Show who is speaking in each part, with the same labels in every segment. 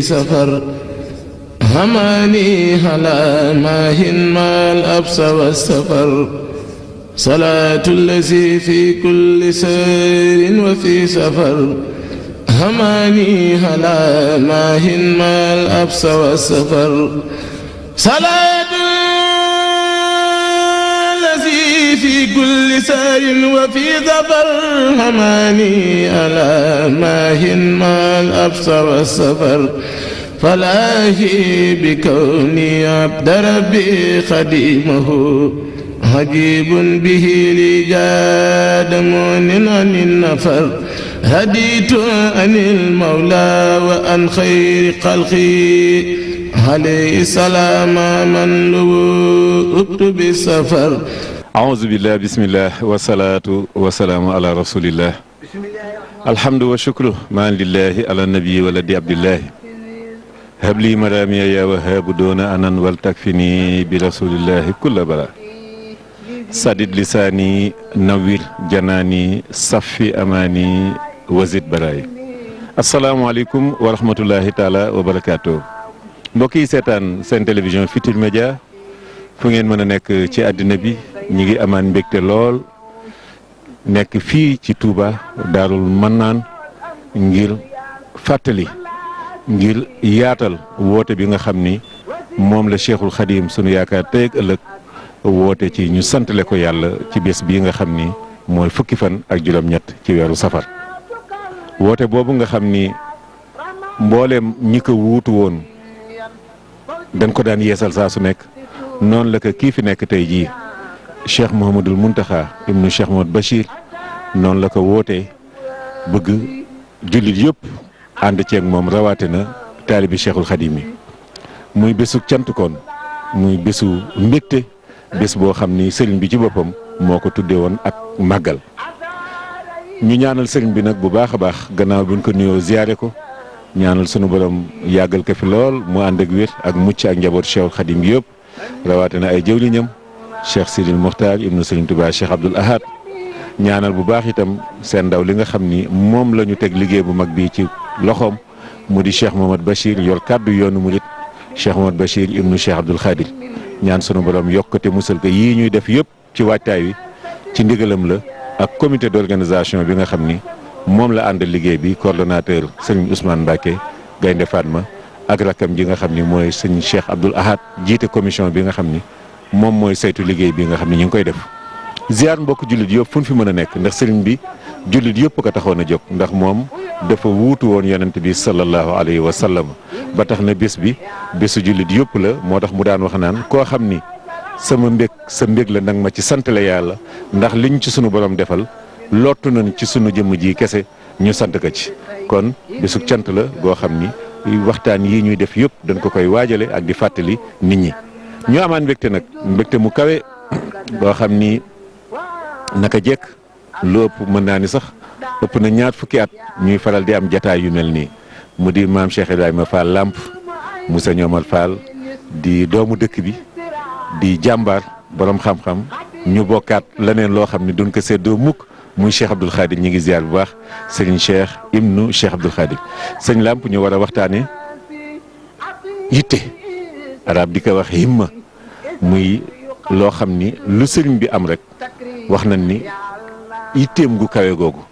Speaker 1: سفر هماني على ماهن ما الأبس والسفر صلاة الذي في كل
Speaker 2: سير وفي سفر هماني على ماهن ما الأبس والسفر صلاة
Speaker 1: في كل سار وفي ظفر هماني ألا ماهن ما الأبصر والسفر فلاهي بكوني عبد ربي خديمه عجيب به لي جاد مؤن
Speaker 3: عن النفر هديت عن المولى وعن خير خلقي عليه السلام من لو أبت بالسفر ahousubillah bisimillah wasalaatu wasalaamu ala rasulillah alhamdu wa shukru maan lillahi ala nabii wala di abdillahi habli yaa wahaabu doona anan wal takfini bi rasulillahi kulla bala sadid lisaani nawir janaani safi amaani wasit baraay asalaamaaleykum wa rahmatullahi taala wa barakaatu mbokk yi seetaan seen télévision Futurs Médias fu ngeen mën a nekk ci àddina bi ñi ngi amaan mbégte lool nekk fii ci Touba Daarul naan ngir fàttali ngir yaatal woote bi nga xam ni moom la Cheikhul Khadim sunu yaakaar tey ak ëllëg woote ci ñu santale ko yàlla ci bés bii nga xam ni mooy fukki fan ak juróom-ñett ci weeru safar woote boobu nga xam ni mbooleem ñi ko wuutu woon dañ ko daan yeesal saa su nekk noonu la ko kii fi nekk tey jii cheikh Mouhamadul Mountakha ibnu seex Mouhamad Bachir noonu la ko wootee bëgg jullit yëpp ànd ceeg moom rawatina taalibi cheikhul xadim yi muy bésu cant muy bésu mbégte bés boo xam ni sëriñ bi ci boppam moo ko tuddee woon ak màggal. ñu ñaanal sëriñ bi nag bu baax a baax gannaaw bi ñu ko nuyoo ziyaare ko ñaanal sunu borom yàggal ko fi lool mu ànd ak wér ak mucc ak njaboot cheikhul xadim yëpp rawatina ay jëwliñam cheikh Sidil Muxtaar ibnu Sëriñ Tuubaa cheikh Abdoul Ahad ñaanal bu baax itam seen ndaw li nga xam ni moom la ñu teg liggéey bu mag bii ci loxoom mu di cheikh Mohamad Bachir yor kàddu yoonu murit cheikh Mohamad Bachir ibnu cheikh Abdoul Khadir ñaan sunu borom yokkate musal ko yii ñuy def yëpp ci waajtaay wi ci ndigalam la ak comité organisation bi nga xam ni moom la ànd liggéey bi coordonnateur sëriñ Ousmane Mbacke Gaynde Fatma ak rakkam ji nga xam ni mooy sëriñ cheikh Abdoul jiite commission bi nga xam ni. moom mooy saytu liggéey bi nga xam ne ñu ngi koy def ziar mbokk jullit yëpp fu ñu fi mën a nekk ndax sëriñ bi jullit yëpp ko taxoon a jóg ndax moom dafa wuutu woon yonent bi sallallahu alayhi wa sallam ba tax na bés bi bésu jullit yëpp la moo tax mu daan wax naan koo xam ni sama mbég sa mbég la nag ma ci santale yàlla ndax liñ ci sunu borom defal lottu nañ ci sunu jëmm ji kese ñu sant ko ci kon bésub cant la goo xam ni waxtaan yi ñuy def yëpp dañ ko koy waajale ak di fàttali nit ñi. ñu amaan mbégte nag mbégte mu kawe boo xam ni naka jekk lu ëpp mën naa ni sax ëpp na ñaar fukki at ñuy faral di am jataay yu mel nii mu di maam Cheikh Ibrahima Fall làmp mu sëñ Omar di doomu dëkk bi di jàmbaar boroom xam-xam ñu bokkaat leneen loo xam ne duñ ko séddoo mukk muy Cheikh Abdoul Khadir ñi ngi ziar bu baax sëriñ Cheikh ibnu Cheikh Abdoul Khadir sëñ làmp ñu war waxtaane waxtaanee yitte. arab di ko wax himma muy loo xam ni lu sëriñ bi am rek wax nañ ni itteem gu kawe googu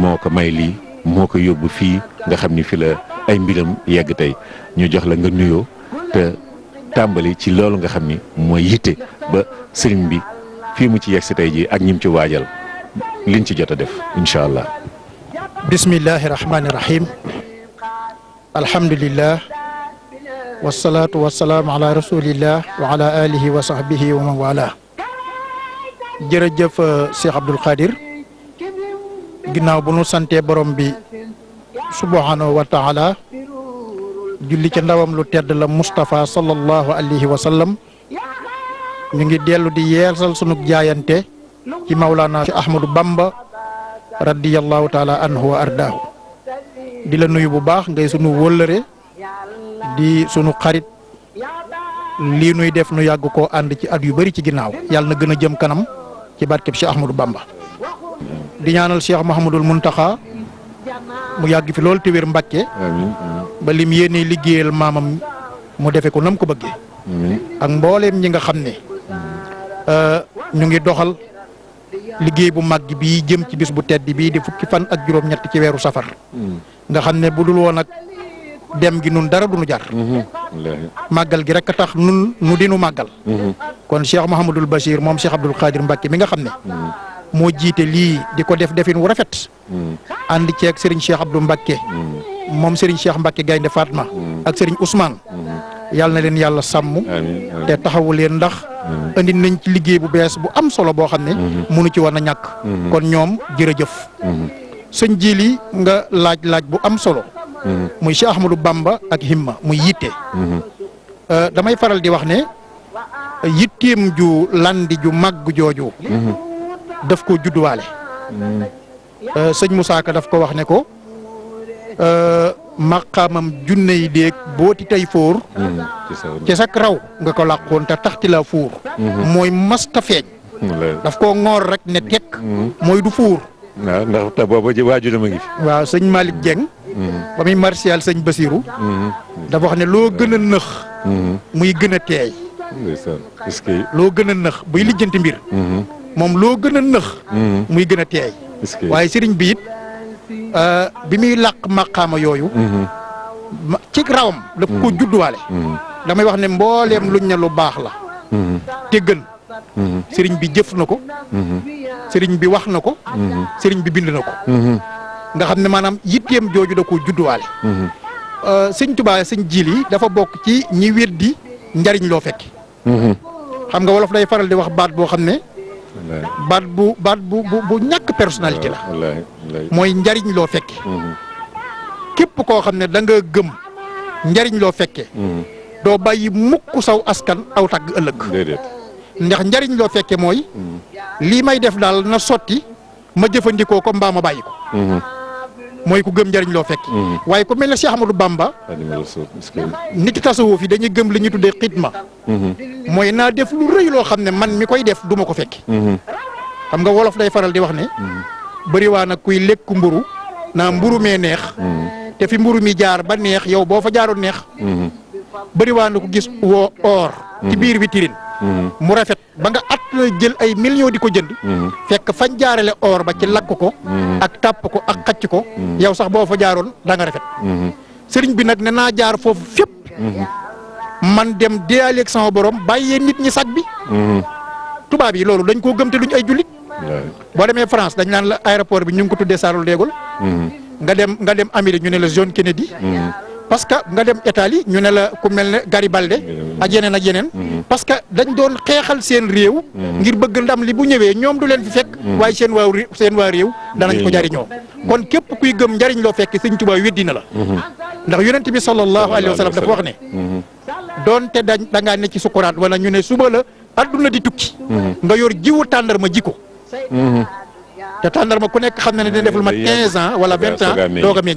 Speaker 3: moo ko may lii moo ko yóbbu fii nga xam ni fi la ay mbiram yegg tey ñu jox la nga nuyoo te tàmbali ci loolu nga xam ni mooy yitte ba sëriñ bi fii mu ci yegg si tey jii ak ñim ci waajal liñ ci jot a def incha allah.
Speaker 1: bismillahi rahmaani rahim wasalaatu wasalaam ala rasulillah wa ala alihi wa sahbihi wa jërëjëf Cheikh Abdoul Khadir ginnaaw bu nu santee borom bi subhanahu wa taala julli ca ndawam lu tedd la Moustapha sallallahu alayhi wa sallam ñu ngi dellu di yeesal sunu jaayante ci Maulana ci Ahmadou Bamba radiyallahu taala anhu ardaahu di la nuyu bu baax ngay sunu wóllëre di sunu xarit lii nuy def nu yàgg koo ànd ci at yu bari ci ginnaaw yàlla na gën a jëm kanam ci barkeb Cheikh Ahmadou Bamba di ñaanal Cheikh mun Muntaxa mu yàgg fi loolu te wér Mbàkke ba lim yéene liggéeyal maamam mu defe ko nam ko bëggee ak mbooleem ñi nga xam ne euh, ñu ngi doxal liggéey bu màgg bi jëm ci bis bu tedd bii di fukki fan ak juróom-ñett ci weeru safar mm. nga xam ne bu woon ak dem gi nun dara du nu jar. Mhm. màggal gi rek tax nun nu dinu màggal. Mhm. kon Cheikh Mouhamadul Bachir moom Cheikh Abdoul Khadir mbakke mi nga xam ne. Mhm. moo jiite lii di ko def defin wu rafet. ànd ceeg Serigne Cheikh Abdou Mbacke. moom Serigne Cheikh Mbacke Gaynde Fatma. ak Serigne Ousmane. yàlla na leen yàlla sàmm. te taxawu leen ndax. indi nañ ci liggéey bu bees bu am solo boo xam ne. munu ci war na ñàkk. kon ñoom jërëjëf. sëñ jili nga laaj laaj bu am solo. Mm-hmm. muy Cheikh Ahmadou Bamba ak himma muy yitte. Mm-hmm. Uh, damay faral di wax ne yitteem ju landi ju mag jooju. Mm-hmm. daf ko judduwaale. Uh, sëñ Moussa Ka daf ko wax ne ko uh, maqaamam junne yi déeg booti tey fóor. ci raw nga ko làqoon te taxti la fuur. mooy masta feeñ. daf koo ngoor rek ne tekk. mooy du fuur. waaw ndax
Speaker 3: te booba ji ngi
Speaker 1: waaw sëñ Malick Dieng. Mm-hmm. ba muy martial sëñ Basiru mm-hmm. dafa wax ne loo gën a nëx mm-hmm. muy gën a teey loo gën a nëx buy lijjanti mbir moom loo gën a nëx muy gën a teey waaye sëriñ bi it euh, bi muy làq maqaama yooyu ci rawam daf ko judduwaale damay wax ne mbooleem luñ na lu baax la te gën sëriñ bi jëf na ko sëriñ bi wax na ko sëriñ bi bind na ko nga xam ne maanaam yitteem jooju da koo judduwaale. Mhm. Euh, sëñ Tuubaa sëñ Jili dafa bokk ci ñi weddi njariñ loo fekk. Mhm. xam nga wolof day faral di wax baat boo xam ne. baat bu baat bu bu bu ñàkk personnalité la. mooy njariñ loo fekke mhm. képp koo xam ne da nga gëm njariñ loo fekke doo bàyyi mukk saw askan aw tàgg ëllëg. ndax njariñ loo fekke mooy. lii may def daal na sotti ma jëfandikoo ko mbaa ma bàyyi ko. mooy ku gëm njariñ loo fekk. Mm-hmm. waaye ku mel na Cheikh Ahmadou Bamba. nit ki tasawuf dañuy gëm li ñu tuddee xidma. Mm-hmm. mooy naa def lu rëy loo xam ne man mi koy def du ma ko fekk. Mm-hmm. xam nga wolof day faral di wax ne. bëri nag kuy lekk mburu naa mburu me neex. te fi mburu mi jaar ba neex yow boo fa jaaroon neex. bëri waa na ku gis woo or. ci biir mu rafet ba nga at jël ay millions di ko jënd mm-hmm. fekk fañ jaarale or ba ci lakk ko mm-hmm. ak tàpp ko ak xacc ko mm-hmm. yow sax boo fa jaaroon da nga rafet sëriñ bi nag ne naa jaar foofu fépp man dem déyaaleeg sama borom yeen nit ñi sag bi tubaab yi loolu dañ koo gëm te duñ ay jullit boo demee France dañ naan la aéroport bi ñu ngi ko tuddee Charles de Gaulle nga dem nga dem Amérique ñu ne la zone Kennedy parce que nga dem Italie ñu ne la ku mel ne Garibaldi ak yeneen ak mhm. parce que dañ doon xeexal seen réew mhm. ngir bëgg ndam li bu ñëwee ñoom du leen fi fekk mhm. waaye seen waa seen waa réew danañ ko jariñoo kon képp kuy gëm njariñ loo fekk Sëñ Tuubaa weddi na la ndax yonent bi sallallahu alayhi wa dafa wax ne te dañ da ngaa ne ci sukuraat wala ñu ne suba la adduna di tukki nga yor jiwu tàndarma ji ko te tàndarma ku nekk xam na ne dina def lu mat ans wala 20 ans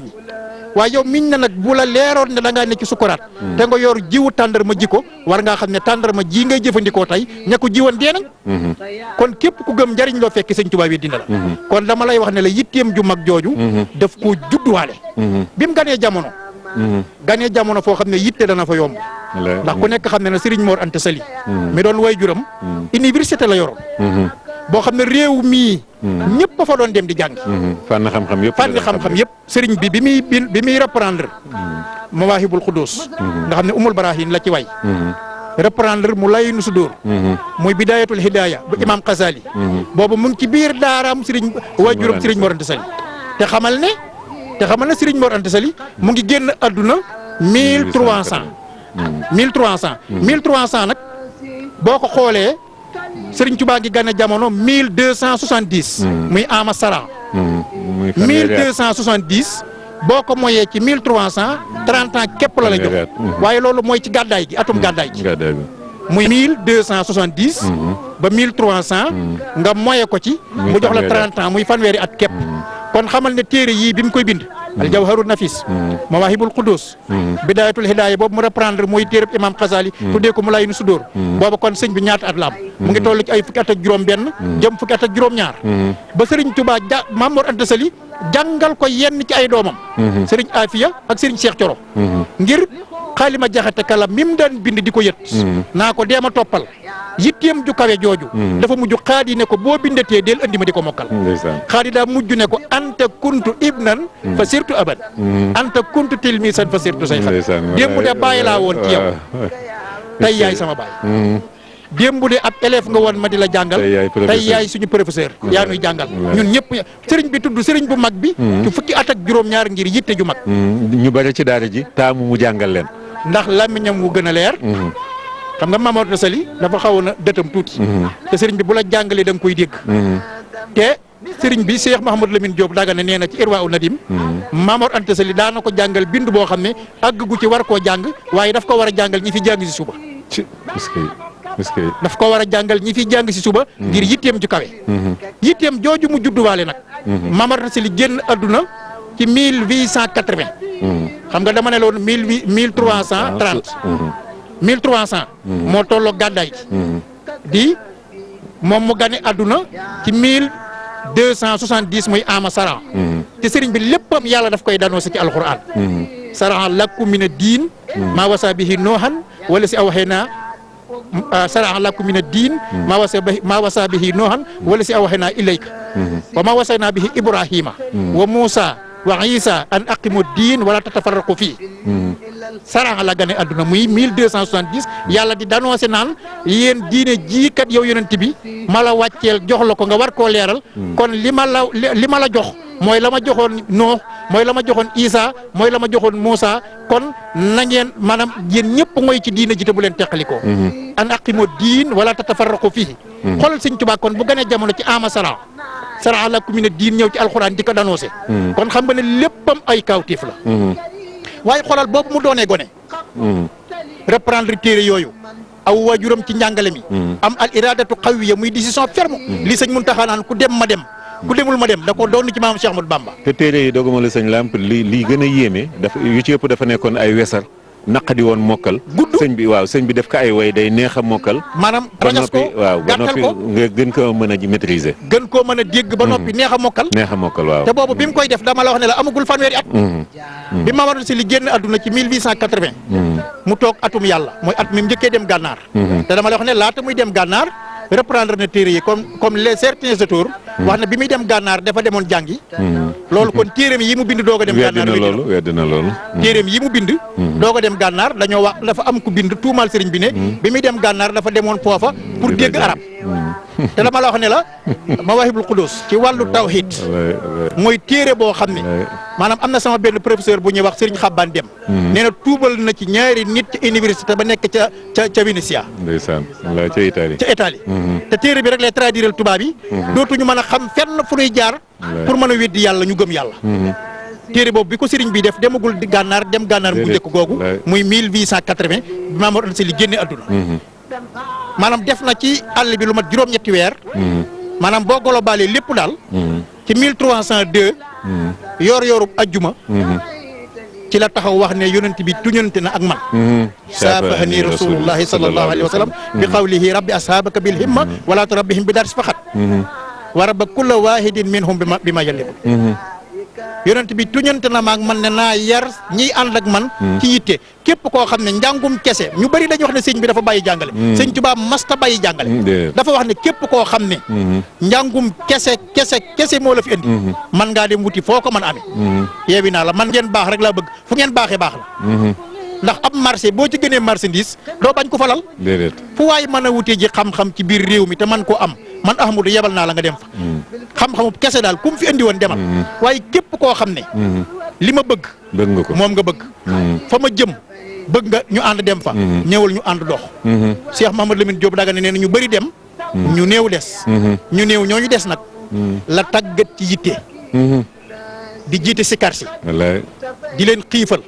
Speaker 1: waa yow miñ na nag bu la leeroon ne da ngaa ne ci sukuraat hmm. te nga yor jiwu tàndarma ji ko war ngaa xam ne tàndarma ji ngay jëfandikoo tey ña ko jiwoon dee nañ hmm. kon képp ku gëm njariñ loo fekk sëñ Tuubaa wi dina la hmm. kon dama lay wax ne la yitteem ju mag jooju daf koo judduwaale bi mu ganee jamono gane jamono foo xam ne yitte dana fa yomb ndax ku nekk xam ne na ne Sëriñ Mor Anta Sali mi doon way juram université la
Speaker 2: yoroon
Speaker 1: boo xam ne réew mii. Hmm. ñëpp a fa doon dem di jàng. Hmm.
Speaker 3: fànn xam-xam yëpp fànn
Speaker 1: xam-xam yëpp sëriñ bi bi muy bi muy reprendre. Hmm. mawaahibul xudduus. nga xam ne umul baraahin la ci way. reprendre mu lay nu su dóor muy bidaayatul hidaaya bu imaam Xasaali boobu mu ngi ci biir daaraam sëriñ waajuram sëriñ Mor Anta Sali te xamal ne te xamal ne sëriñ Mor Anta Sali mu ngi génn àdduna mille trois cent mille trois cent mille cent nag boo ko xoolee Serigne Touba gi gane jamono mille deux cent soixante dix. Hmm. muy Ama Saran. Hmm. muy cent soixante dix. boo ko moyee ci mille trois cent trente képp la la jox. Hmm. waaye loolu mooy ci gàddaay gi atum gàddaay gi. muy mille deux cent soixante dix. ba mille cent. nga moye ko ci. mu jox la trente ans muy fanweeri at képp. Mm-hmm. kon xamal ne téere yii bi mu koy bind. Mm-hmm. aljawharu nafis. Mm-hmm. mawahibul qudus. bidayatul hidaaya boobu mu reprendre muy téereb imam Xasali. tuddee ko mu lay nu sudóor. booba kon sëñ bi ñaata at la am. mu ngi toll ci ay fukki at juróom-benn. jëm fukki at ak juróom-ñaar. ba Serigne Touba ja Mame Mor Anta Sali jàngal ko yenn ci ay doomam. Serigne Afia ak Serigne Cheikh Thioro. ngir. xaalima jaxate kala mim daan bind di ko yët mm-hmm. naa ko deema toppal yitteem ju kawe jooju mm-hmm. dafa mujj xaadi ne ko boo bindatee deel andi ma di ko mokkal xaadi daa mujj ne ko anta kuntu ibnan mm-hmm. fa sirtu aban anta kuntu tilmisan fa sirtu say xam démb de bàyyi laa woon ci sama baay démb de ab élève nga woon ma di la jàngal tey yaay suñu professeur yaa nuy jàngal ñun ñëpp sëriñ bi tudd sëriñ bu mag bi ci fukki at ak juróom-ñaar ngir yitte ju mag ñu bari ci daara ji taamu mu jàngal leen ndax làmmiñam wu gën a leer. Mhm. xam nga Mamadou na Sali dafa xawoon a dëtam tuuti. Mhm. te sëriñ bi bu la jàngalee da koy dégg. Mhm. te sëriñ bi ma Mouhamadou Lamine Diop daga ne nee na ci Irwa u Nadim. Mamadou Anta Sali daan na ko jàngal bind boo xam ne àgg gu ci war koo jàng waaye daf ko war a jàngal ñi fi jàng si suba. daf ko war a jàngal ñi fi jàng si suba. ngir yitteem ju kawe. yitteem jooju mu judduwaale nag. Mamadou na Sali génn àdduna. ci mille huit cent quatre vingt. xam nga dama ne la mille huit mille trois cent ah, trente. Mhm. mille mhm. moo tolloo gàddaay mhm. di moom mu gane àdduna ci mille deux cent soixante dix muy ama saran te sëriñ bi léppam yàlla daf koy danoo si ci alxuraan. saran lakku mina diin. maa wasa bihi noohan wala si aw xëy naa ah, lakku mina diin. maa wasa bihi maa noohan wala si aw xëy ilayka. wa maa wasa naa bihi Ibrahima. wa Moussa. wa isa an aqimu diin wala tatafarraqu fii hmm. saran la gane àdduna muy mille deux cent soixante-dix yàlla di danoncé naan yéen diine jii kat yow yonent bi ma la wàcceel jox la ko nga war koo leeral hmm. kon li ma la li ma la jox mooy la ma joxoon Nuux mooy la ma joxoon Isa mooy la ma joxoon Muusa kon na ngeen maanaam yéen ñëpp mooy ci diine ji te bu leen teqalikoo hmm. an aqimu diin wala tatafarraqu fii xoolal Sëñ Tuubaa kon bu gane jamono ci ama saran saraxa lakum mina diin ñëw ci alxuraan di ko danoose hmm. kon xam nga ne léppam ay kawtif la hmm. waaye xoolal boobu mu doonee gone hmm. reprendre téere yooyu aw waajuram ci njàngale mi am al iradatu qawiya muy décision ferme li sëñ Muntaxa naan ku dem ma dem ku demul ma dem da ko doon ci maam Cheikh Ahmadou
Speaker 3: Bamba te téere yi doguma la sëñ Lamp li lii gën a yéeme dafa yu ci ëpp dafa nekkoon ay wesar naqadi woon mokkal. gudd sëñ bi waaw sëñ bi def ko ay way day neex a mokkal. maanaam rajas ko waaw ba noppi nga gën koo mën a gën
Speaker 1: koo mën a dégg ba noppi mm. neex a mokkal.
Speaker 3: neex a mokkal waaw. te
Speaker 1: boobu bi koy def dama la wax ne la amagul fanweeri at.
Speaker 3: Mm.
Speaker 2: Mm.
Speaker 1: bi Mamadou Sy li génn àdduna ci 1880. mu toog atum yàlla mooy at mi mu njëkkee dem gànnaar. Mm-hmm. te dama la wax ne laata muy dem gànnaar. reprendre na téere yi comme comme les certains auteurs. wax na bi muy dem gànnaar dafa demoon jàngi. loolu kon téereem yi mu bind doog a dem. gànnaar
Speaker 3: wedd na loolu
Speaker 1: loolu. yi mu bind. Mm-hmm. doog dem dem gànnaar dañoo wax dafa am ku bind tuumaal sëriñ bi ne. Hmm. bi muy dem gànnaar dafa demoon foofa pour dégg arab hmm. te dama la wax ne la Mawahibul Qudus ci wàllu tawhid mooy téere boo xam ne maanaam am na sama benn professeur bu ñuy wax Serigne Xaban Dem hmm. nee na tuubal na ci ñaari nit ci université ba nekk ca ca ca Venezia
Speaker 3: ndeysaan la ca Italie ca Italie
Speaker 1: te téere bi rek lay traduire tubaab yi dootuñu mën a xam fenn fu ñuy jaar pour mën a weddi yàlla ñu gëm yàlla téere boobu bi ko sëriñ bi def demagul di gànnaar dem gànnaar mu njëkk googu muy 1880 bi Maamor Anta Sali génne adduna mhm. maanaam def na ci àll bi lu mat juróom-ñetti weer mhm. maanaam boo globale lépp daal mhm. ci 1302 yoor yoorub ajjuma ci la taxaw wax ne yonent bi tuñante na ak man
Speaker 2: saafahani rasulullahi sallallahu alayhi wa sallam bi qawlihi
Speaker 1: rabbi ashaabaka bil himma wala turabbihim bi daar si faxat wa rabba ba wahidin minhum bi ma bi ma yonent bi ñente na maak man ne naa yar ñi ànd ak man hmm. ci yitte képp koo xam ne njàngum kese ñu bari dañuy wax ne sëñ bi dafa bàyyi jàngale hmm. sëñ Tuubaa masta bàyyi jàngale hmm, dafa wax ne képp koo xam ne njàngum kese kese kese moo la fi indi man ngaa dem wuti foo ko mën
Speaker 2: amee
Speaker 1: yeewi naa la man ngeen baax rek laa bëgg fu ngeen baaxee baax
Speaker 2: la
Speaker 1: ndax am marché boo ci gënee marchandise doo bañ ko falal fu waay mën a wutee ji xam-xam ci biir réew mi te man koo am man Ahmadou yebal naa la nga dem fa. Mm. xam-xamu kese daal ku mu fi indi woon demal. Mm. waaye képp koo xam ne. Mm. li ma bëgg. bëgg nga ko moom nga bëgg. fa ma jëm bëgg nga ñu ànd dem fa. ñëwal ñu ànd dox. Mm-hmm. Cheikh Mahamad Lamine Diop daga ne nee na ñu bëri dem. ñu néew des. Mm-hmm. ñu néew ñooñu des nag. la tàggat ci yitte. Mm-hmm. di jiite si kar si. di leen xiifal.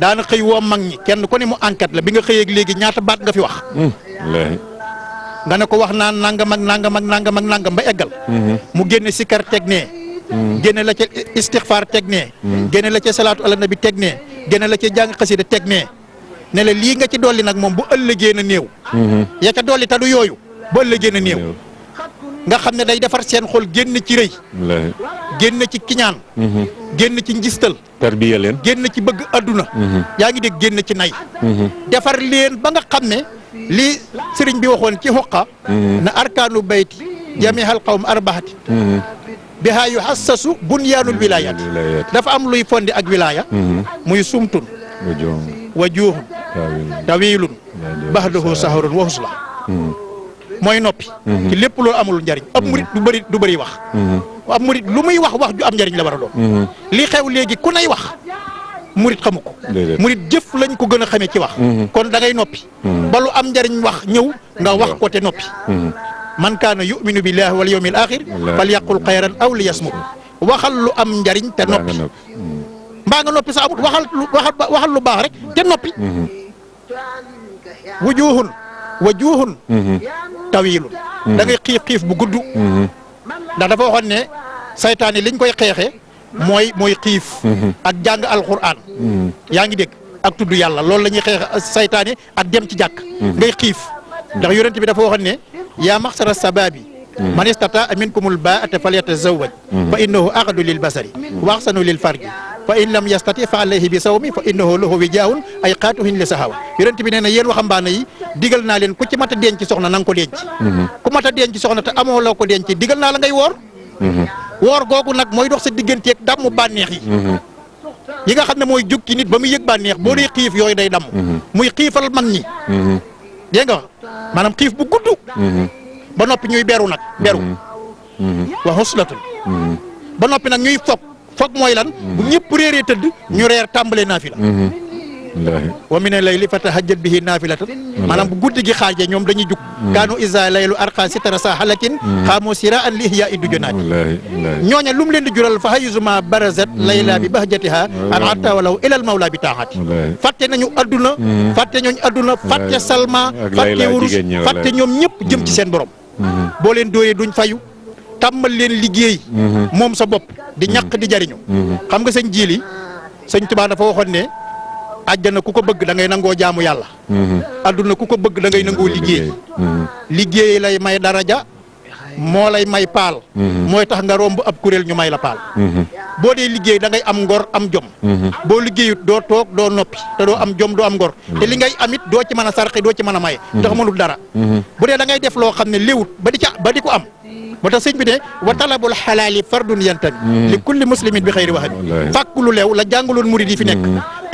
Speaker 1: daana xëy woo mag ñi kenn ku ne mu enquête la bi nga xëyeeg léegi ñaata baat nga fi wax. nga ne ko wax naa nangam ak nangam ak nangam ak nangam ba eggal. Mhm. mu génn sikar teg nee. Mhm. génne la ca istixfaar teg nee. Mhm. génne la ca salaatu ala nabi teg nee. génne la ca jàng xasida teg nee. ne la lii nga ci dolli nag moom bu ëllëgee na néew. ya ca dolli tadu yooyu bu ëllëgee na néew. nga xam ne day defar seen xool génn ci rëy. génn ci kiñaan. génn ci njistal. tarbiya leen génn ci bëgg adduna. yaa ngi dégg génn ci nay. defar leen ba nga xam ne. lii sëriñ bi waxoon ci xoqa mhm. na arkaanu bayti jamihal qawm arbaxati mhm. bihaa yu xassasu bunyaanul wilayaat dafa am luy fondi ak wilaya mhm. muy sumtun wa tawiilun baxdahu saharun wa mooy noppi ci lépp loolu amul njariñ ab murit du bëri du bëri wax ab murit lu muy wax wax ju am njariñ la war li xew léegi ku nay wax murit xamu ko murit jëf lañ ko gën a xamee ci wax mhm. kon dangay noppi mhm. ba lu am njariñ wax ñëw nga wax ko te noppi mhm. man kaana yuminu billahi wal yawmil axir fal yaqul xayran aw li yasmut waxal lu am njariñ te noppi mbaa nga noppi sa amut waxal waxal lu baax rek te noppi wujuhun wajuhun tawilun da ngay xiif xiif bu gudd ndax dafa waxoon ne saytaane liñ koy xeexe mooy mooy xiif. Mhm. ak jàng alxuraan. Mhm. yaa ngi dégg ak tudd yàlla loolu la ñuy xeex euh, saytaane ak dem ci jàkk. Mhm. ngay xiif ndax yonent bi dafa waxoon ne yaa maxsara sababi. man istata minkumul baata falyatazawaj fa innahu aqadu lil basari wa axsanu lil farji fa in lam yastati fa alayhi bi sawmi fa innahu lahu wijaahun ay qaatuhin li sahawa yonent bi nee na yéen waxambaane yi digal naa leen ku ci mat a soxna na nga ko denc. ku mat a denc soxna te amoo loo ko denc digal naa la ngay woor. woor googu nag mooy dox sa digganteeg damm bànneex yi mhm. yi nga xam ne mooy jóg ci nit ba muy yëg bànneex boo dee xiif yooyu day dam mhm. muy xiifal mag ñi mhm. dégg nga maanaam xiif bu gudd ba noppi ñuy beru nag beru wa xuslatul ba noppi nag ñuy foog foog mooy lan bu ñëpp réeree tëdd ñu reer tàmbalee naa fi wa mina layli fatahajjat bihi naafilatan maanaam bu guddi gi xaajee ñoom dañuy jug mm. kaanu isa laylu arqa sitara sa halakin mm. xaamoo siraan li ihya iddu jonaati ñooña lu mu leen di jural fa hayizuma barazat mm. layla bi bahjatiha an atta walaw ilal mawla bi taaxati fàtte nañu adduna fàtte ñooñ adduna fàtte salma fàtte wurus fàtte ñoom ñëpp jëm seen borom mm-hmm. boo leen dóoree duñ fayu tàmmal leen liggéey mm-hmm. moom sa bopp di ñàq mm-hmm. di jariñu xam nga sëñ jiili sëñ na ku ko bëgg da ngay nangoo jaamu yàlla. adduna mhm. ku ko bëgg dangay ngay liggéey. Mhm. liggéey lay may daraja moo lay may paal. Mhm. mooy tax nga romb ab kuréel ñu may la paal. boo dee liggéey da ngay am ngor am jom. boo liggéeyut doo toog doo noppi te doo am jom doo am ngor. te li ngay amit doo ci mën a sarxe doo ci mën a maye. tax mënul dara. bu dee da def loo xam ne léwut ba di ca ba di ko am. moo tax sëñ bi ne wa talabul xalaali fardun yantami li kulli muslimin bi xëyri waxami fàkk lu leew la jàngaloon yi fi nekk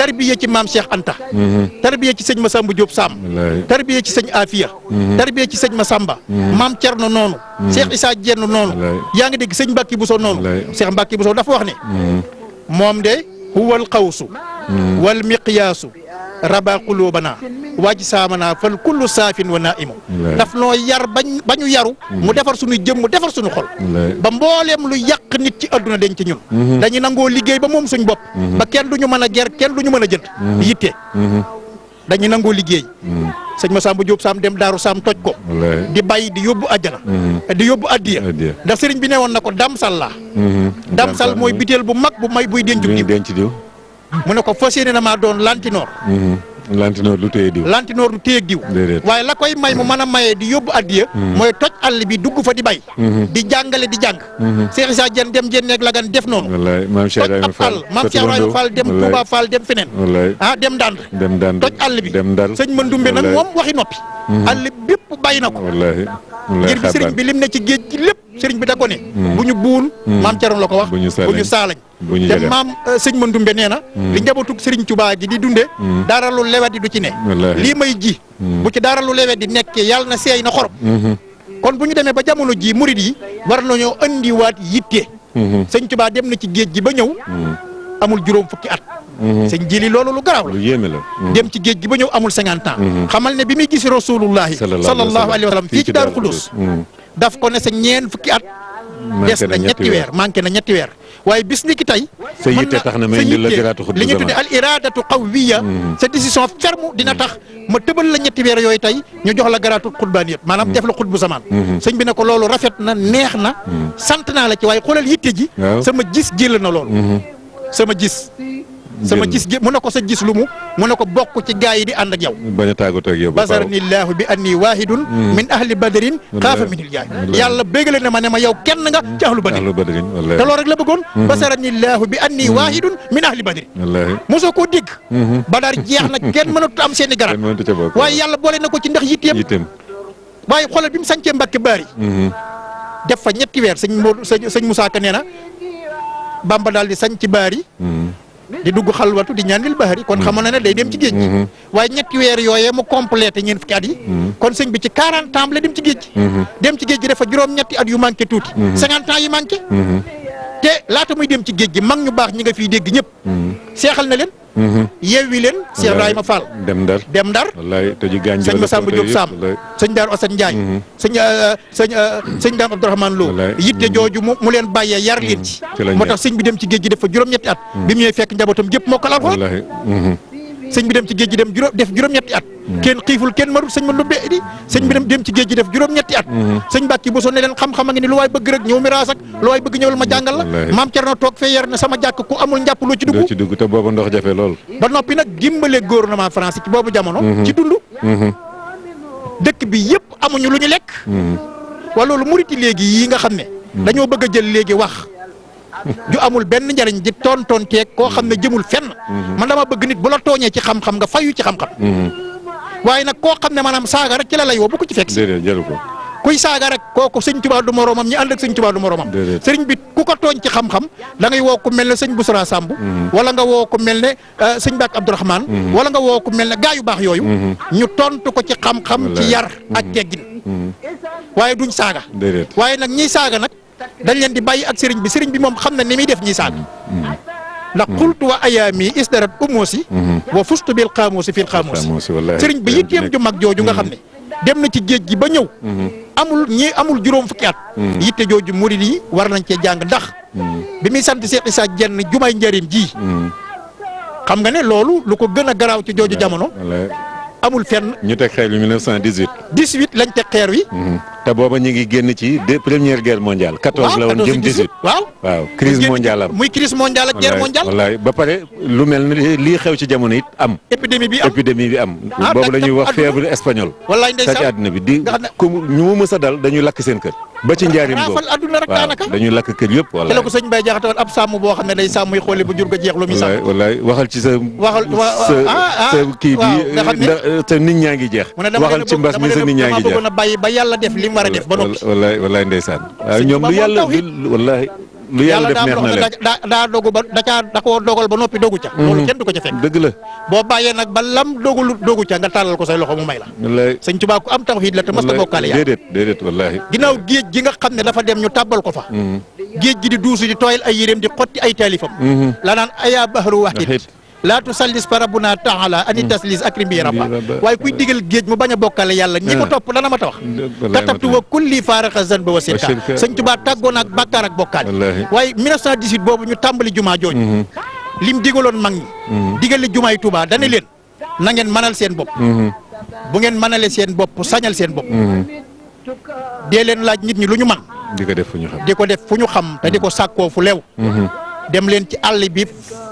Speaker 1: tarbiya ci maam Cheikh Anta. Mhm. tarbiya ci sëñ Massamba Diop Samb. tarbiya ci sëñ Afia. Mhm. tarbiya ci sëñ Massamba. Mhm. maam Thierno noonu. Cheikh Issa Dieng noonu. yaa ngi dégg sëñ Mbacke Bousso noonu. Cheikh Mbacke Bousso dafa wax ne. moom de huwal xawsu. wal miqyaasu. raba qulubana waaj saamana fal kullu saafin wa naimu daf noo yar bañ ba ñu yaru mu defar suñu jëm mu defar suñu xol ba mbooleem lu yàq nit ci adduna denc ci ñun mm-hmm. dañu nangoo liggéey ba moom suñ bopp mm-hmm. ba kenn du ñu mën a ger kenn du ñu mën a jënd mm-hmm. yitte dañu nangoo liggéey sëñ bu Diop saam dem daaru saam toj ko di bay di yóbbu àjjana di yóbbu addiya ndax sëriñ bi ne woon na ko damsal laa damsal mooy biteel bu mag bu may buy denc diw mu ne ko fas yéene na maa doon lantinoor. Mhm. lantinoor du téye diw. lantinoor du téye diw. waaye la koy may mu mën a mayee di yóbbu addiya. Mhm. mooy toj àll bi dugg fa di bay. Mhm. di jàngale di jàng. Cheikh Issa Dieng dem Dieng la gan
Speaker 3: def noonu. wallaay maam Cheikh Ibrahima Fall maam Cheikh Ibrahima Fall dem Touba Fall dem feneen. wallaay ah dem Ndande. dem Ndande toj àll bi dem Ndar. sëñ Mandoumbe nag moom
Speaker 1: waxi noppi. àll
Speaker 3: bépp bay na ko. wallaay bi sëriñ bi
Speaker 1: lim ci géej lépp. sëriñ bi da ko ne mm. bu ñu buun mm. maam Cerno la ko wax bu
Speaker 3: ñu
Speaker 2: saalañ te maam
Speaker 1: eh, sëñ Mandumbe nee na mm. li njabootug sëriñ Tuubaa gi di dunde dara lu lewet di du ci ne lii may ji bu ci dara lu lewet di nekk yàlla na seey na xorom mm-hmm. kon bu ñu demee ba jamono ji murid yi war nañoo andiwaat yitte mm-hmm. sëñ Tuubaa dem na ci géej gi ba ñëw amul juróom fukki at mm-hmm. sëñ jili loolu lu garaaw lu yéeme la dem ci géej gi ba ñëw amul cinquante ans xamal ne bi muy gis rasulullahi sallallahu alayhi wa sallam fii ci Daaru daf ko ne sa ñeen fukki at. des na ñetti weer manqué na ñetti weer. waaye bis ni ki tey.
Speaker 3: sa yitte tax na may indil la garaatu xutbu li ñu tuddee al
Speaker 1: iradatu qawiya hmm. sa décision ferme dina tax ma tëbal la ñetti weer yooyu tey ñu jox la garaatu xutbaan yëpp maanaam hmm. def la xutbu zaman hmm. sëñ bi ne ko loolu rafet na neex na. sant naa la ci waaye xoolal yitte ji. sama jis jël na loolu. sama gis. sama gis gi mu ne ko sa gis lu mu mu ne ko bokk ci gaa yi di ànd ak yow
Speaker 3: bañ a tàggatoo ak yow basarnillahu
Speaker 1: bi anni waahidun hmm. min ahli badrin xaafa minil jaay yàlla bégale na ma ne ma yow kenn nga ci ahlu badrin te loolu rek la bëggoon hmm. basarnillahu bi anni hmm. waahidun min ahli badrin mosoo koo dégg badar jeex na kenn mënatu am seeni garab waaye yàlla boole na ko ci ndax yitteem waaye xoolal bi mu sancee Mbàkke Baari def fa ñetti weer sëñ Moussa Ka nee na Bamba daal di sanc Baari di dugg xalwatu di ñaanil bahari kon mm. xamoon na ne day dem ci géej gi mm-hmm. waaye ñetti weer yooyee mu complété ñeent fukki at yi mm-hmm. kon sëñ bi ci 40 ans dem ci géej mm-hmm. dem ci géej gi dafa juróom ñetti at yu manqué tuuti 50 ans yu manqué te laata muy dem ci géej gi mag ñu baax ñi nga fiy dégg ñëpp. Mm-hmm. seexal na leen. Mm-hmm. yeewi leen. wallaay Cheikh Ibrahima Fall.
Speaker 3: dem ndar dem ndar. wallaay te ji gaañ jëloon sëñ Masamba Diop Samb
Speaker 1: sëñ Daaru Assane Ndiaye. Mm-hmm. sëñ euh, sëñ euh, sëñ Dame Abdourahmane Lo. wallaay yitte jooju mu leen bàyyee yar leen ci. moo tax sëñ bi dem ci géej gi def fa juróom-ñetti at. bi mu fekk njabootam gépp moo ko sëñ bi dem ci géej gi dem juróom def juróom-ñetti at mm. kenn xiiful kenn marut sëñ man lumbe di sëñ bi dem dem ci géej gi def juróom-ñetti at mm-hmm. sëñ Mbàkke Bousso ne leen xam-xam a ngi ni lu waay bëgg rek ñëw mi raas lu waay bëgg ñëwal ma jàngal la maam Cerno
Speaker 3: toog fee yar ne
Speaker 1: sama jàkk ku amul njàpp loo
Speaker 3: ci dugg te boobu ndox jafe lool
Speaker 1: ba noppi nag dimbale gouvernement français ci boobu jamono mm-hmm. ci dund mm-hmm. dëkk bi yëpp amuñu lu ñu lekk wala loolu murit yi léegi yi nga xam ne dañoo bëgg jël léegi wax ju amul benn njariñ di tontonteeg koo xam ne jëmul fenn mhm. man dama bëgg nit bu la tooñee ci xam-xam nga fayu ci xam-xam mhm. waaye nag koo xam ne maanaam saaga rek ci la lay woo bu ko ci fekk si kuy saaga rek kooku sëñ Tuubaa du moroomam ñi ànd ak ci Tuubaa du moroomam sëriñ bit ku ko tooñ ci xam-xam dangay ngay woo ku mel ne sëñ Busra Samb mhm. wala nga woo ku mel ne euh, sëñ Bàkk Abdourahmane wala nga woo ku mel ne gaa yu baax yooyu ñu tontu ko ci xam-xam ci yar ak teggin waaye duñ saaga waaye nag ñiy saaga nag dañ leen di bàyyi ak sëriñ bi sëriñ bi moom xam na ni muy def ñi saan mm-hmm. ndax xultu wa ayaami isdarat umuusi mm-hmm. wa fustu bil xaamuusi fil xaamuusi sëriñ bi yitteem ju mag jooju nga xam ne mm-hmm. dem na ci géej gi ba ñëw amul ñi amul juróom fukki at yitte jooju murid yi war nañ cee jàng ndax bi muy sant Seex Isaa Jenn jumaay njëriñ ji xam nga ne loolu lu ko gën a garaaw ci jooju jamono
Speaker 3: amul fenn. ñu teg xeer wi 1918. 18 lañ teg xeer wi. Mhm. te booba ñu ngi génn ci deux première guerre mondiale. 14 la woon jëm 18 waaw waaw crise mondiale am muy crise mondiale guerre mondiale. ba pare lu mel ni lii xew ci jamono it am. épidémie bi am épidémie bi ah, wax fièvre espagnole. wallaay ndeysaan ci di ku ñu mës a dal dañuy lakk seen kër. ba ci njaarim boobu dañuy lakk kër yëpp. wallaay waxal ci sa. waxal ah, ah. sa kii bi te nit ñaa ngi jeex. waxal ci mbas mi sa nit ñaa ngi jeex dama bàyyi ba yàlla def li mu war a def. ba noppi wallaay wallaay ndeysaan. waaw ñoom lu yàlla lu wallaay. lu yàlla def neex na leen
Speaker 1: daa daa dogu ba da caa da koo dogal ba noppi dogu ca. Mhm. loolu kenn du ko ca fekk. dëgg la boo bàyyee nag ba lam dogalu dogu ca nga tàllal ko say loxo mu may la. wallaay sëñ Tuubaa ku am tawhiid la te mas na bokkaale yàlla. déedéet déedéet wallaahi. ginnaaw géej gi nga xam ne dafa dem ñu tàbbal ko fa. Mhm. géej gi di duusu di tooyal ay yéreem di xotti ay taalifam. Mhm. la naan ayaa bahru waxit laa tusallis fa rabbuna taala ani hmm. taslis akrim bi rabba waaye kuy digal géej mu bañ a bokkale yàlla ñi ko eh. topp dana ma ta wax katabtu wa kulli faaraqa zanba wa sirka sëñ Tuubaa tàggoon ak bàkkaar ak bokkaale waaye 1918 boobu ñu tàmbali jumaa jooju hmm. lim digaloon mag ñi hmm. digale jumaay Tuubaa dane leen na ngeen mënal seen bopp bu ngeen mënalee seen bopp sañal seen bopp dee leen laaj nit ñi lu ñu man di ko def fu ñu xam te di ko sàkkoo fu leew dem leen ci àll bi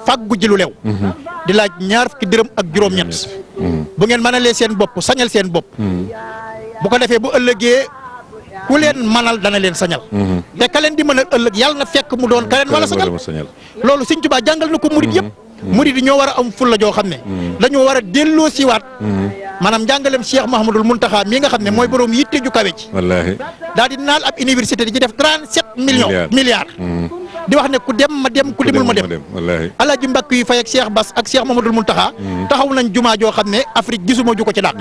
Speaker 1: fàggu ji lu lew mhm. di laaj ñaar fukki dërëm ak juróom-ñett mhm. bu ngeen mënalee seen bopp sañal seen bopp mhm. bu ko defee bu ëllëgee ku leen manal dana leen sañal te ka leen di mënal ëllëg yàlla na fekk mu doon ka leen wala sañal loolu Sëñ Tuubaa jàngal na ko murit yëpp murit yi ñoo war a am fulla joo xam ne dañoo war a delloo siwaat maanaam njàngaleem Cheikh Mouhamadul Mountakha mii ga xam ne mooy borom yitte ju kawe ci wallaahi naal ab université di ci def trente-sept millions milliards di wax ne ku dem ma dem ku demul ma dem alaaji mbàkk yu fay ak Cheikh Bass ak Cheikh Mamadou Mountakha mm. taxaw nañ jumaa joo xam ne Afrique gisuma ju ko ci dàq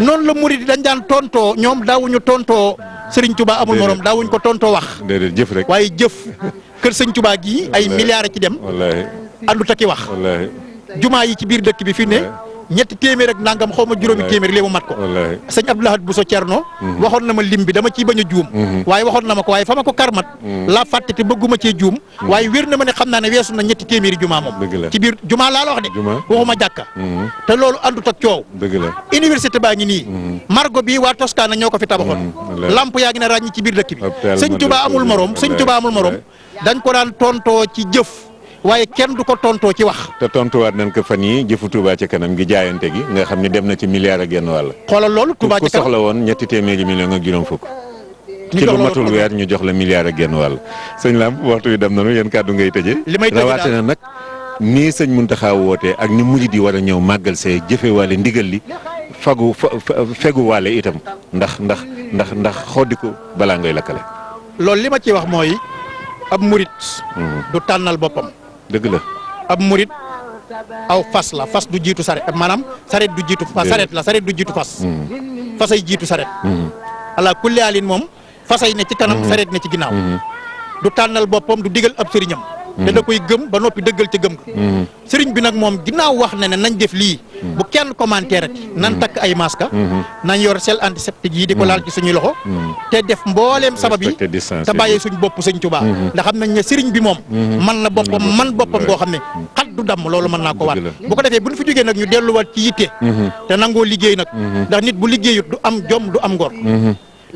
Speaker 1: noonu la murid dañ daan tonto ñoom daawuñu tontoo Serigne Touba amul morom daawuñ ko tontoo wax jëf rek waaye jëf kër sëñ Touba gii ay a ci dem andu takki wax jumaa yi ci biir dëkk bi fii ne ñetti téeméer ak nangam xaw ma juróomi téeméer léegi mu mat ko sëñ Abdoulahad Bousso Cerno mhm. waxoon na ma lim bi dama ciy bañ a juum mhm. waaye waxoon na ma ko waaye fa ma ko karmat mhm. laa fàtte te bëgguma cee juum waaye wér na ma ne xam naa ne weesu na ñetti téeméeri jumaa moom ci biir jumaa laa la wax de waxuma jàkka te loolu àndut ak coow université baa ngi nii margo bi waa Toscana ñoo ko fi tabaxoon lamp
Speaker 3: yaa ngi ne ràññi ci biir dëkk bi sëñ Tuubaa amul morom sëñ Tuubaa ko
Speaker 1: daan tontoo ci jëf waaye kenn du ko tontoo ci wax.
Speaker 3: te tontuwaat nañ ko fan yi jëfu Touba ci kanam gi jaayante gi nga xam ne dem na ci milliard ak genn wàll.
Speaker 1: xoolal loolu Touba ci kanam ku soxla
Speaker 3: woon ñetti téeméeri million ak juróom fukk. ci lu matul weer ñu jox la milliard ak genn wàll. sëñ Lam waxtu wi dem nañu yéen kàddu ngay tëjee. li may tëjee rawatina nag nii sëñ Mountakha wootee ak ni mujj di war a ñëw màggal see jëfewaale ndigal li fagu feguwaale itam ndax ndax ndax ndax xoddiku balaa ngay lakkale. li ma ci wax mooy ab murit mm-hmm.
Speaker 1: du boppam dëgg la ab murit aw fas la fas du jiitu saret maanaam saret du jiitu fas la saret du jiitu fas hmm. fasay jiitu saret hmm. ala kulli alin moom fasay ne ci kanam hmm. saret ne ci ginnaaw du tànnal boppam du digal ab sëriñam te da koy gëm ba noppi dëggal ca gëm ga sëriñ bi nag moom ginnaaw wax na ne nañ def lii bu kenn commentaire nan takk ay masque mm-hmm. nañ yor sel antiseptique yi di ko laal ci suñu loxo mm-hmm. te def mbooleem sabab yi te bàyyee suñ bopp suñ Tuubaa mm-hmm. ndax xam nañ ne sëriñ bi moom man na boppam man boppam koo xam ne xat dam damm loolu mën naa ko waat bu ko defee bu ñu fi jógee nag ñu delluwaat ci yitte te nangoo liggéey nag ndax nit bu liggéeyut du am jom du am ngor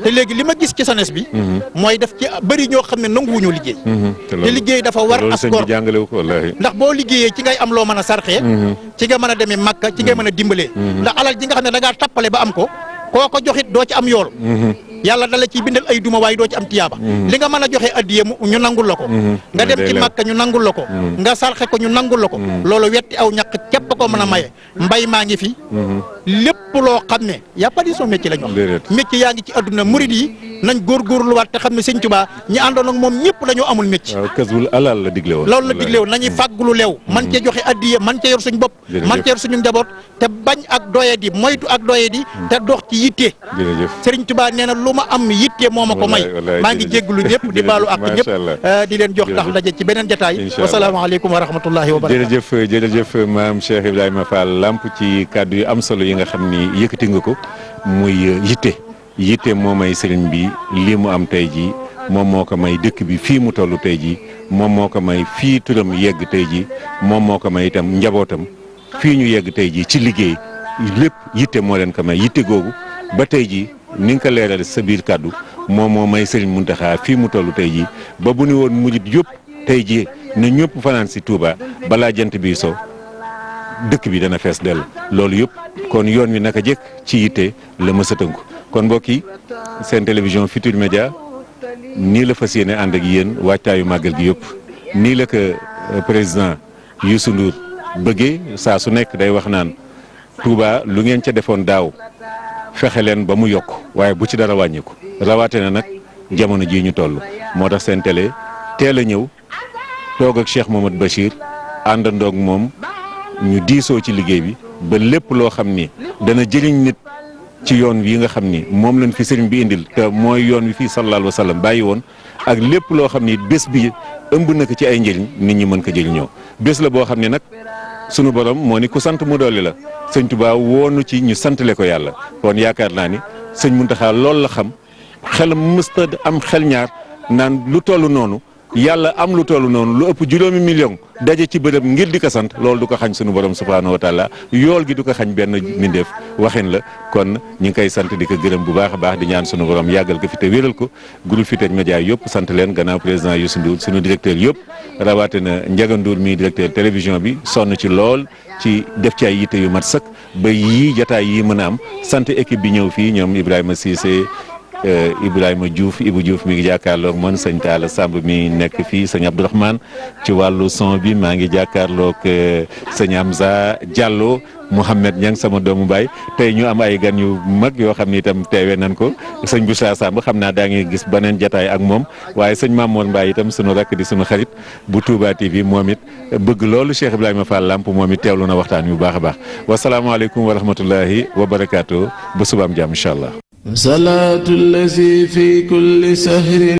Speaker 1: te léegi li ma gis ci sanes bi mhm. mooy def ci bëri ñoo xam ne nanguwuñu liggéey mhm. te liggéey dafa war as gor
Speaker 3: ndax
Speaker 1: boo liggéeyee ci ngay am loo mën a sarxee mhm. ci nga mën a demee màkka ci nga mën a dimbale ndax alal ji xam ne da tappale ba am ko koo ko joxit doo ci am yool
Speaker 3: mhm.
Speaker 1: yàlla dala ciy bindal ay duma waaye doo ci am tiyaaba mhm. li nga mën a joxe addiye ñu nangul la ko
Speaker 2: mhm. nga dem ci màkka
Speaker 1: ñu nangul la nga sarxe ko ñu nangul la ko loolu wetti aw ñaq képp ko mën a maye mbay maa ngi fi lépp loo xam ne y'a pas di son métier la yaa ngi ci adduna murid yi nañ góorgóorluwaat te xam ne sëñ Tuubaa ñi àndoon ak moom ñëpp dañoo amul métier kasbul alal la digle woon loolu la digle woon nañuy fàggulu leew man cee joxe addiye man cee yor suñ bopp man cee yor suñu njaboot te bañ ak doye di moytu ak doye te dox ci yitte Serigne Touba nee na lu ma am yitte moo ma ko may maa ngi jégglu ñëpp di baalu ak ñëpp eh, di leen jox tax ndaje ci beneen jotaay wasalaamaaleykum wa rahmatullahi wa jëf jërëjëf
Speaker 3: jërëjëf maam Cheikh Ibrahima Fall Lamp ci kàddu yu am solo yi nga xam ni yëkkati nga ko muy yitte yitte moo may sëriñ bi lii mu am tey jii moom moo ko may dëkk bi fii mu toll tey jii moom moo ko may fii turam yegg tey jii moom moo ko may itam njabootam fii ñu yegg tey jii ci liggéey lépp yitte moo leen ko may yitte googu ba tey ji ni nga ko leeral sa biir kàddu moom moo may Serigne Mountakha fii mu tollu tey ji ba bu ni woon mujjit yëpp tey ji na ñëpp fanaan si Touba balaa jant bi so dëkk bi dana fees dell loolu yëpp kon yoon wi naka jëkk ci yitte la mës a tënku kon mbokk yi seen télévision Futurs Médias nii la fas yéene ànd ak yéen waajtaayu màggal gi yëpp nii la ko euh, président Youssou Ndour bëggee saa su nekk day wax naan tuubaa lu ngeen ca defoon daaw fexe leen ba mu yokk waaye bu ci dara wàññiku rawatina nag jamono jii ñu toll moo tax seen télé teel a ñëw toog ak Cheikh Mamadou Bachir àndandoog moom ñu diisoo ci liggéey bi ba lépp loo xam ni dana jëriñ nit ci yoon wi nga xam ni moom lañ fi sëriñ bi indil te mooy yoon wi fii sallallahu alayhi wa bàyyi woon ak lépp loo xam ni bés bi ëmb na ko ci ay njëriñ nit ñi mën ko jëriñoo bés la boo xam ne nag sunu borom moo ni ku sant mu dolli la sëñ Tuubaa woonu ci ñu santale ko yàlla kon yaakaar naa ni sëñ Muntaxa loolu la xam xelam mësta am xel ñaar naan lu toll noonu yàlla am lu toll noonu lu ëpp juróomi million daje ci bërëb ngir di sant lool du ko xañ sunu borom subhaanahu wa taala yool gi du ko xañ benn mbindeef waxin la kon ñi ngi koy sant di ko gërëm bu baax a baax di ñaan sunu borom yàggal ko fi te wéral ko groupe Futurs Médias yëpp sant leen gannaaw président Youssou Ndour sunu directeur yëpp rawatina Ndiaga Ndour mi directeur télévision bi sonn ci lool ci def ci ay yitte yu mat sëkk ba yii jataay yii mën a am sant équipe bi ñëw fii ñoom Ibrahima Cissé Eh, Ibrahima Diouf Ibou Diouf mi ngi jàkkaarloog man sëñ Talla Samb mi nekk fii sëñ Abdourahmane ci wàllu son bi maa ngi jàkkaarloog eh, sëñ Hamza Diallo Mouhamed Niang sama doomu baay tey ñu am ay gan yu mag yoo xam ni itam teewee nañ ko sëñ Bouchra Samb xam naa daa ngi gis beneen jataay ak moom waaye sëñ Mamour Mbaye itam sunu rakk di sunu xarit bu Touba TV moom it eh, bëgg loolu Cheikh Ibrahima Fall Lamp moom it teewlu na waxtaan yu baax a baax wasalaamaaleykum wa rahmatullahi wa barakaatu ba subaam jàmm incha allah salaatu lazi fi
Speaker 2: kulli sahrin